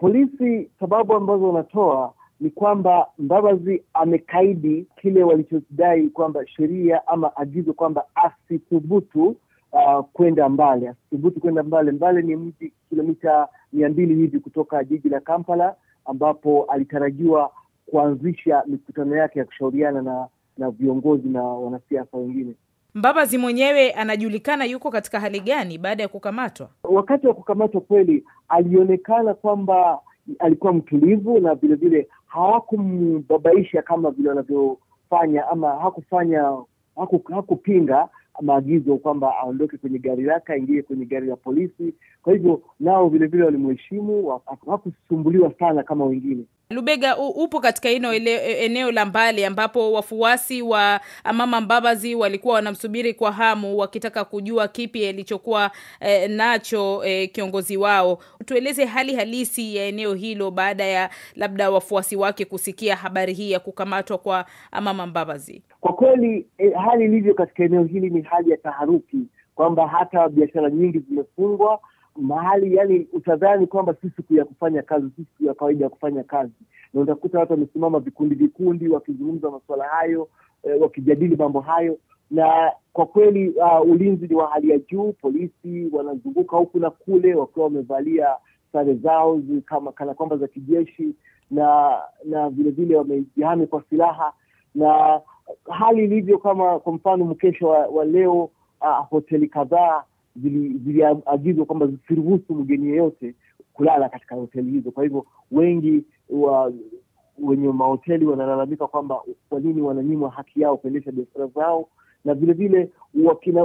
Polisi sababu ambazo wanatoa ni kwamba Mbabazi amekaidi kile walichodai kwamba sheria ama agizo kwamba asithubutu uh, kwenda Mbale, asithubutu kwenda Mbale. Mbale ni mji kilomita mia mbili hivi kutoka jiji la Kampala, ambapo alitarajiwa kuanzisha mikutano yake ya kushauriana na na viongozi na wanasiasa wengine. Mbabazi mwenyewe anajulikana yuko katika hali gani baada ya kukamatwa? Wakati wa kukamatwa kweli alionekana kwamba alikuwa mtulivu na vilevile hawakumbabaisha kama vile wanavyofanya ama hakufanya hakupinga haku maagizo kwamba aondoke kwenye gari lake aingie kwenye gari la polisi. Kwa hivyo nao vilevile walimuheshimu, hakusumbuliwa sana kama wengine. Lubega, upo katika ino ele, e, eneo la mbali ambapo wafuasi wa Mama Mbabazi walikuwa wanamsubiri kwa hamu wakitaka kujua kipi alichokuwa eh, nacho eh, kiongozi wao. Tueleze hali halisi ya eneo hilo baada ya labda wafuasi wake kusikia habari hii ya kukamatwa kwa Mama Mbabazi. Kwa kweli eh, hali ilivyo katika eneo hili ni hali ya taharuki kwamba hata biashara nyingi zimefungwa mahali yani utadhani kwamba si siku ya kufanya kazi, si siku ya kawaida ya kufanya kazi, na utakuta watu wamesimama vikundi vikundi wakizungumza masuala hayo e, wakijadili mambo hayo, na kwa kweli uh, ulinzi ni wa hali ya juu. Polisi wanazunguka huku na kule wakiwa wamevalia sare zao kama kana kwamba za kijeshi, na na vilevile wamejihami kwa silaha, na hali ilivyo kama kwa mfano mkesha wa, wa leo uh, hoteli kadhaa ziliagizwa zili kwamba zisiruhusu mgeni yeyote kulala katika hoteli hizo. Kwa hivyo wengi wa wenye mahoteli wanalalamika kwamba kwa nini wananyimwa haki yao kuendesha biashara zao, na vilevile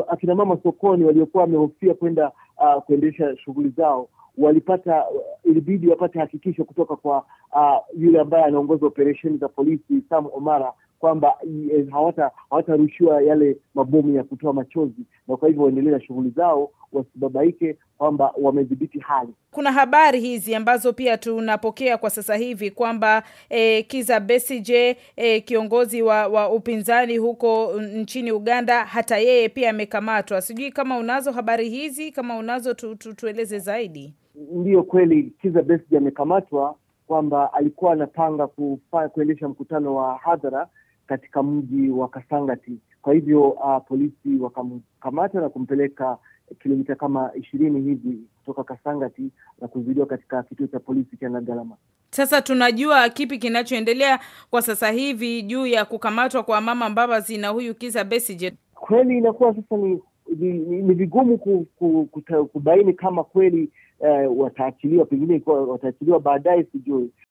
akina mama sokoni waliokuwa wamehofia kwenda uh, kuendesha shughuli zao walipata ilibidi wapate hakikisho kutoka kwa uh, yule ambaye anaongoza operesheni za polisi Sam Omara kwamba eh, hawatarushiwa hawatarushiwa yale mabomu ya kutoa machozi, na kwa hivyo waendelee na shughuli zao, wasibabaike kwamba wamedhibiti hali. Kuna habari hizi ambazo pia tunapokea kwa sasa hivi kwamba e, eh, Kiza Besije e, eh, kiongozi wa, wa upinzani huko mm, nchini Uganda, hata yeye pia amekamatwa. Sijui kama unazo habari hizi, kama unazo tu, tu, tueleze zaidi. Ndiyo kweli, Kiza Besije amekamatwa kwamba alikuwa anapanga kuendesha mkutano wa hadhara katika mji wa Kasangati. Kwa hivyo uh, polisi wakamkamata na kumpeleka kilomita kama ishirini hivi kutoka Kasangati na kuzuiliwa katika kituo cha polisi cha Nagalama. Sasa tunajua kipi kinachoendelea kwa sasa hivi juu ya kukamatwa kwa Mama Mbabazi na huyu Kiza Besije. Kweli inakuwa sasa ni ni, ni, ni vigumu ku, ku, ku, kubaini kama kweli eh, wataachiliwa, pengine wataachiliwa baadaye, sijui,